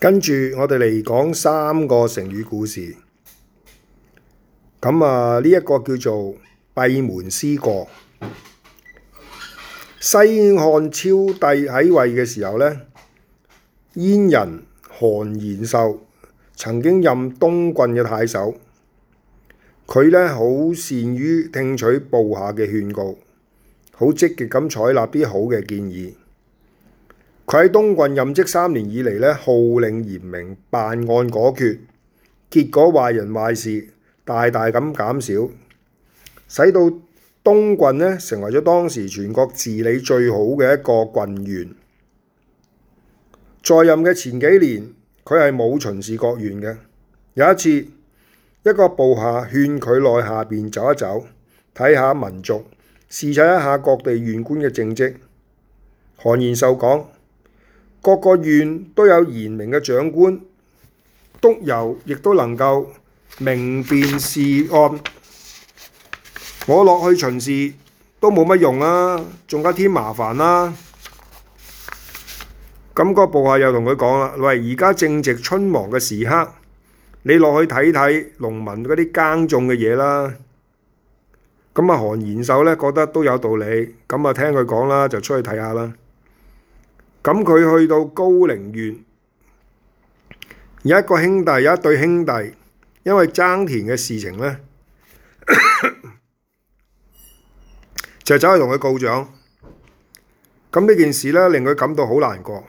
跟住我哋嚟講三個成語故事。咁啊，呢、這、一個叫做閉門思過。西漢昭帝喺位嘅時候呢，燕人韓延壽曾經任東郡嘅太守。佢呢好善於聽取部下嘅勸告，積極好積極咁採納啲好嘅建議。佢喺東郡任職三年以嚟呢，號令嚴明，辦案果決，結果壞人壞事大大咁減少，使到東郡呢成為咗當時全國治理最好嘅一個郡縣。在任嘅前幾年，佢係冇巡視各縣嘅。有一次，一個部下勸佢內下邊走一走，睇下民族，視察一下各地縣官嘅政績。韓延壽講。各個縣都有賢明嘅長官督郵，亦都能夠明辨事案。我落去巡視都冇乜用啦、啊，仲加添麻煩啦、啊。咁個部下又同佢講啦：，喂，而家正值春忙嘅時刻，你落去睇睇農民嗰啲耕種嘅嘢啦。咁啊，韓延壽咧覺得都有道理，咁啊聽佢講啦，就出去睇下啦。咁佢去到高陵縣，有一個兄弟，有一對兄弟，因為爭田嘅事情呢， 就走、是、去同佢告狀。咁呢件事呢，令佢感到好難過。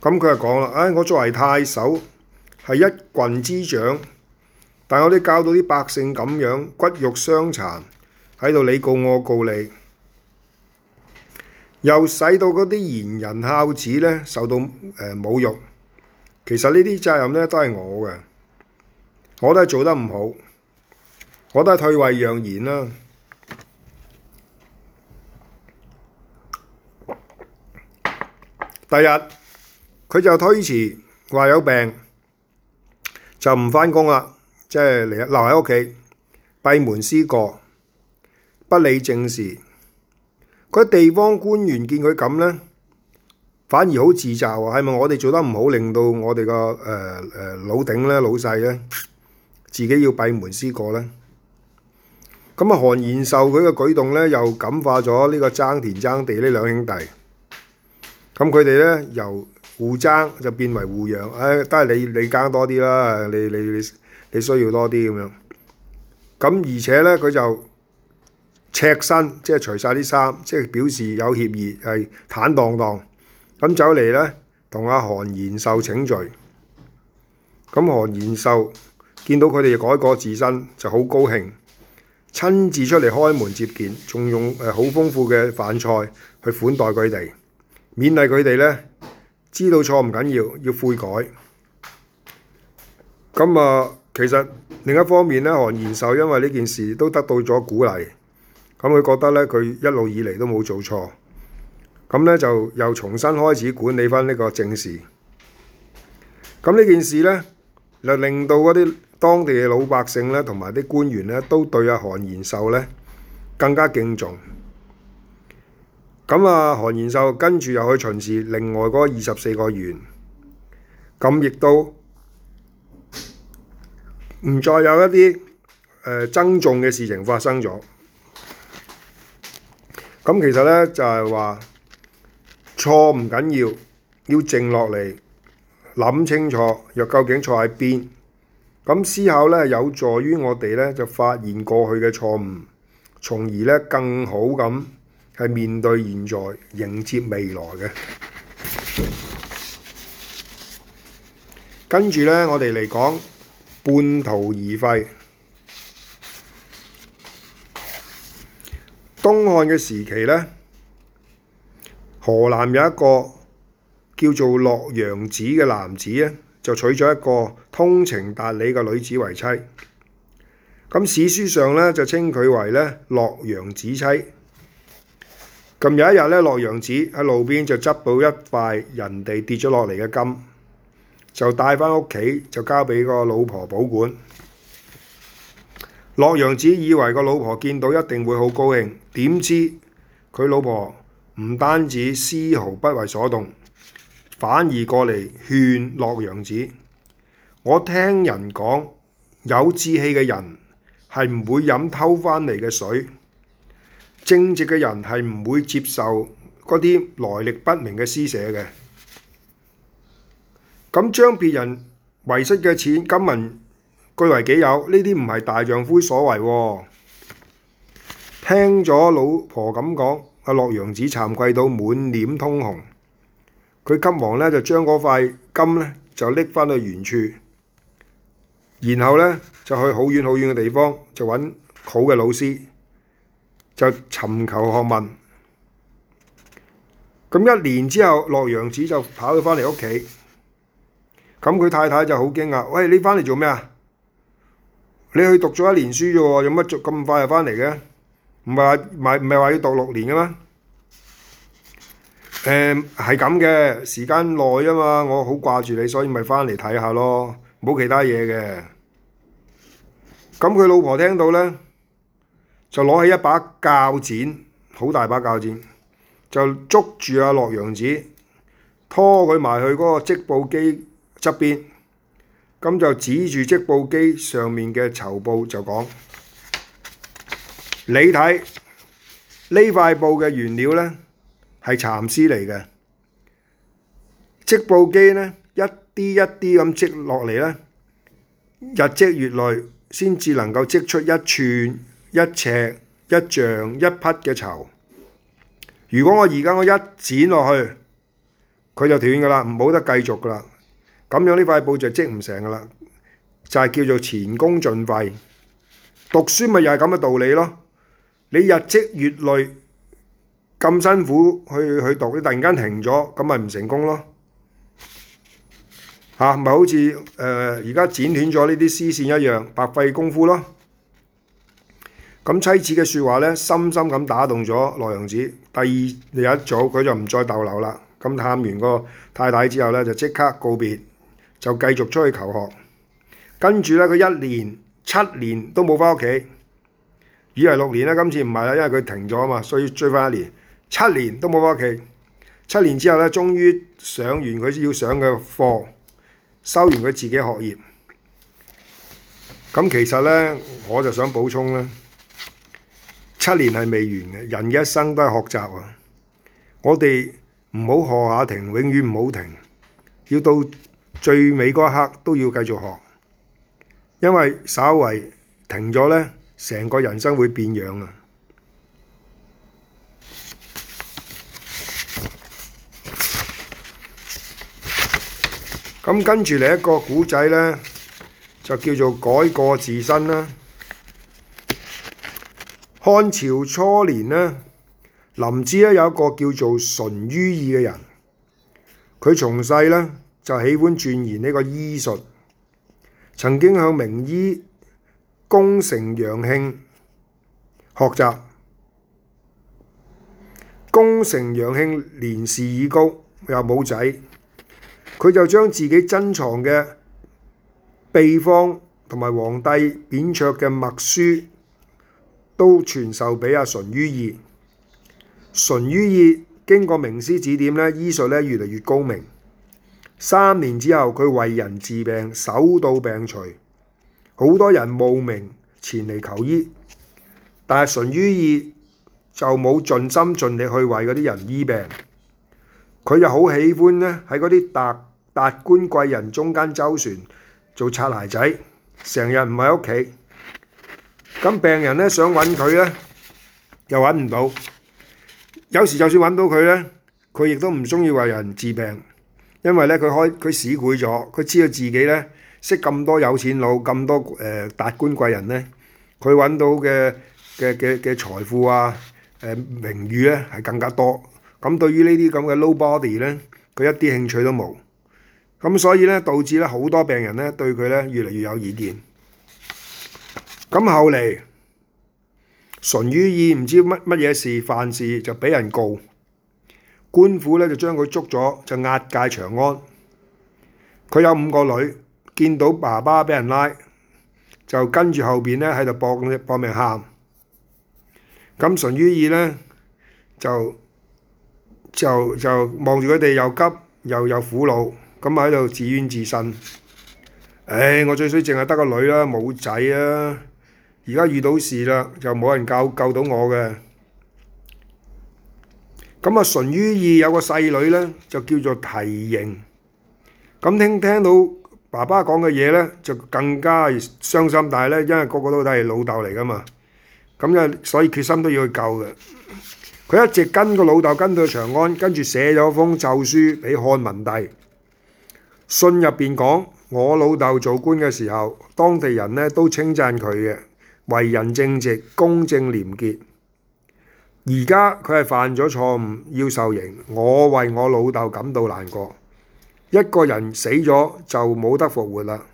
咁佢就講啦：，誒、哎，我作為太守，係一郡之長，但係我哋教到啲百姓咁樣骨肉相殘，喺度你告我告你。又使到嗰啲賢人孝子咧受到誒、呃、侮辱，其實呢啲責任咧都係我嘅，我都係做得唔好，我都係退位讓賢啦、啊！第二日佢就推辭話有病，就唔返工啦，即、就、係、是、留喺屋企閉門思過，不理政事。嗰啲地方官員見佢咁咧，反而好自責喎！係咪我哋做得唔好，令到我哋個誒誒老頂咧老細咧，自己要閉門思過咧？咁啊，韓延壽佢嘅舉動咧，又感化咗呢個爭田爭地呢兩兄弟。咁佢哋咧由互爭就變為互讓，唉，都係你你耕多啲啦，你你你你需要多啲咁樣。咁而且咧，佢就～赤身即係除晒啲衫，即係表示有歉意，係坦蕩蕩咁走嚟咧，同阿韓延壽請罪。咁韓延壽見到佢哋改過自新，就好高興，親自出嚟開門接見，仲用誒好豐富嘅飯菜去款待佢哋，勉勵佢哋咧。知道錯唔緊要緊，要悔改。咁啊，其實另一方面咧，韓延壽因為呢件事都得到咗鼓勵。咁佢覺得咧，佢一路以嚟都冇做錯，咁咧就又重新開始管理返呢個政事。咁呢件事咧，就令到嗰啲當地嘅老百姓咧，同埋啲官員咧，都對阿韓延壽咧更加敬重。咁啊，韓延壽跟住又去巡視另外嗰二十四個縣，咁亦都唔再有一啲誒爭訟嘅事情發生咗。咁其實咧就係話錯唔緊要，要靜落嚟諗清楚，又究竟錯喺邊？咁思考咧有助於我哋咧就發現過去嘅錯誤，從而咧更好咁係面對現在，迎接未來嘅。跟住咧，我哋嚟講半途而廢。東漢嘅時期咧，河南有一個叫做洛陽子嘅男子咧，就娶咗一個通情達理嘅女子為妻。咁史書上咧就稱佢為咧洛陽子妻。咁有一日咧，洛陽子喺路邊就執到一塊人哋跌咗落嚟嘅金，就帶返屋企，就交俾個老婆保管。洛陽子以為個老婆見到一定會好高興，點知佢老婆唔單止絲毫不為所動，反而過嚟勸洛陽子：我聽人講，有志氣嘅人係唔會飲偷返嚟嘅水，正直嘅人係唔會接受嗰啲來歷不明嘅施捨嘅。咁將別人遺失嘅錢金銀據為己有，呢啲唔係大丈夫所為喎、哦。聽咗老婆咁講，阿洛陽子慚愧到滿臉通紅。佢急忙呢就將嗰塊金呢就拎返去原處，然後呢就去好遠好遠嘅地方就揾好嘅老師，就尋求學問。咁一年之後，洛陽子就跑咗返嚟屋企。咁佢太太就好驚訝！喂，你返嚟做咩啊？你去讀咗一年書啫喎，有乜咁快就返嚟嘅？唔係話唔係唔係話要讀六年嘅咩？誒係咁嘅，時間耐啊嘛，我好掛住你，所以咪翻嚟睇下咯，冇其他嘢嘅。咁佢老婆聽到咧，就攞起一把鉸剪，好大把鉸剪，就捉住阿、啊、樂羊子，拖佢埋去嗰個織布機側邊。咁就指住織布機上面嘅綢布就講，你睇呢塊布嘅原料呢，係蠶絲嚟嘅，織布機呢一啲一啲咁織落嚟呢，日積月累先至能夠織出一寸一尺一丈一匹嘅綢。如果我而家我一剪落去，佢就斷㗎喇，唔好得繼續㗎喇。咁樣呢塊布就織唔成㗎喇，就係、是、叫做前功盡廢。讀書咪又係咁嘅道理咯。你日積月累咁辛苦去去讀，你突然間停咗，咁咪唔成功咯。嚇、啊，咪好似誒而家剪斷咗呢啲絲線一樣，白費功夫咯。咁妻子嘅説話，話呢，深深咁打動咗羅陽子。第二日一早佢就唔再逗留啦。咁探完個太太之後呢，就即刻告別。就繼續出去求學，跟住咧，佢一年七年都冇返屋企，以為六年啦。今次唔係啦，因為佢停咗啊嘛，所以追返一年，七年都冇返屋企。七年之後咧，終於上完佢要上嘅課，收完佢自己學業。咁其實咧，我就想補充啦：七年係未完嘅。人嘅一生都係學習啊！我哋唔好學下停，永遠唔好停，要到。最尾嗰刻都要繼續學，因為稍為停咗咧，成個人生會變樣啊！咁、嗯、跟住嚟一個古仔咧，就叫做「改過自新」啦。漢朝初年咧，林芝咧有一個叫做淳於意嘅人，佢從細咧，就喜歡鑽研呢個醫術，曾經向名醫公乘陽慶學習。公乘陽慶年事已高，又冇仔，佢就將自己珍藏嘅秘方同埋皇帝扁鵲嘅墨書都傳授俾阿淳於義。淳於義經過名師指點呢，醫術咧，越嚟越高明。三年之後，佢為人治病，手到病除，好多人慕名前嚟求醫。但係淳於意就冇盡心盡力去為嗰啲人醫病，佢就好喜歡呢喺嗰啲達達官貴人中間周旋，做擦鞋仔，成日唔喺屋企。咁病人呢，想揾佢呢，又揾唔到。有時就算揾到佢呢，佢亦都唔鍾意為人治病。因為咧，佢開佢市儈咗，佢知道自己咧識咁多有錢佬、咁多誒、呃、達官貴人咧，佢揾到嘅嘅嘅嘅財富啊、誒、呃、名譽咧係更加多。咁對於這這呢啲咁嘅 nobody 咧，佢一啲興趣都冇。咁所以咧，導致咧好多病人咧對佢咧越嚟越有意見。咁後嚟，淳於意唔知乜乜嘢事犯事就俾人告。官府咧就將佢捉咗，就押解長安。佢有五個女，見到爸爸俾人拉，就跟住後面呢邊咧喺度搏命喊。咁淳于意呢，就就就望住佢哋又急又又苦惱，咁喺度自怨自憐。唉、哎，我最衰淨係得個女啦，冇仔啊！而家遇到事啦，就冇人救救到我嘅。咁啊，淳、嗯、於意有個細女咧，就叫做提刑。咁、嗯、聽聽到爸爸講嘅嘢咧，就更加傷心。但係咧，因為個個都係老豆嚟㗎嘛，咁、嗯、因為所以決心都要去救嘅。佢一直跟個老豆跟到長安，跟住寫咗封奏書俾漢文帝。信入邊講：我老豆做官嘅時候，當地人咧都稱讚佢嘅為人正直、公正廉潔。而家佢係犯咗錯誤，要受刑。我為我老豆感到難過。一個人死咗就冇得復活啦，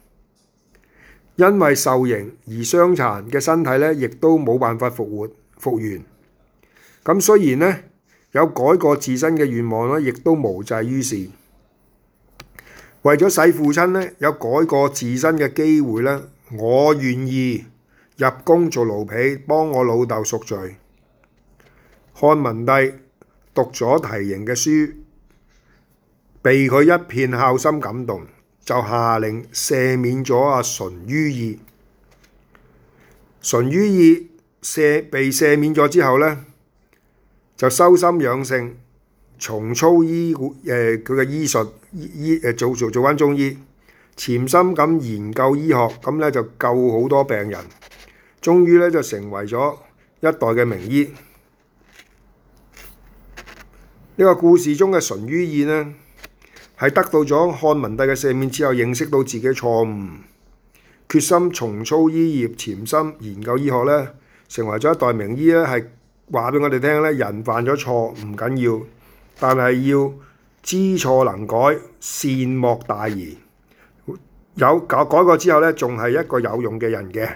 因為受刑而傷殘嘅身體咧，亦都冇辦法復活復原。咁雖然咧有改過自新嘅願望啦，亦都無濟於事。為咗使父親咧有改過自新嘅機會咧，我願意入宮做奴婢，幫我老豆贖罪。漢文帝讀咗提刑嘅書，被佢一片孝心感動，就下令赦免咗阿淳於意。淳於意被赦免咗之後呢，就修心養性，重操醫誒佢嘅醫術，醫做做做返中醫，潛心咁研究醫學，咁咧就救好多病人，終於咧就成為咗一代嘅名醫。呢個故事中嘅淳于意呢，係得到咗漢文帝嘅赦免之後，認識到自己錯誤，決心重操醫業，潛心研究醫學咧，成為咗一代名醫咧。係話俾我哋聽咧，人犯咗錯唔緊要，但係要知錯能改，善莫大焉。有改改過之後咧，仲係一個有用嘅人嘅。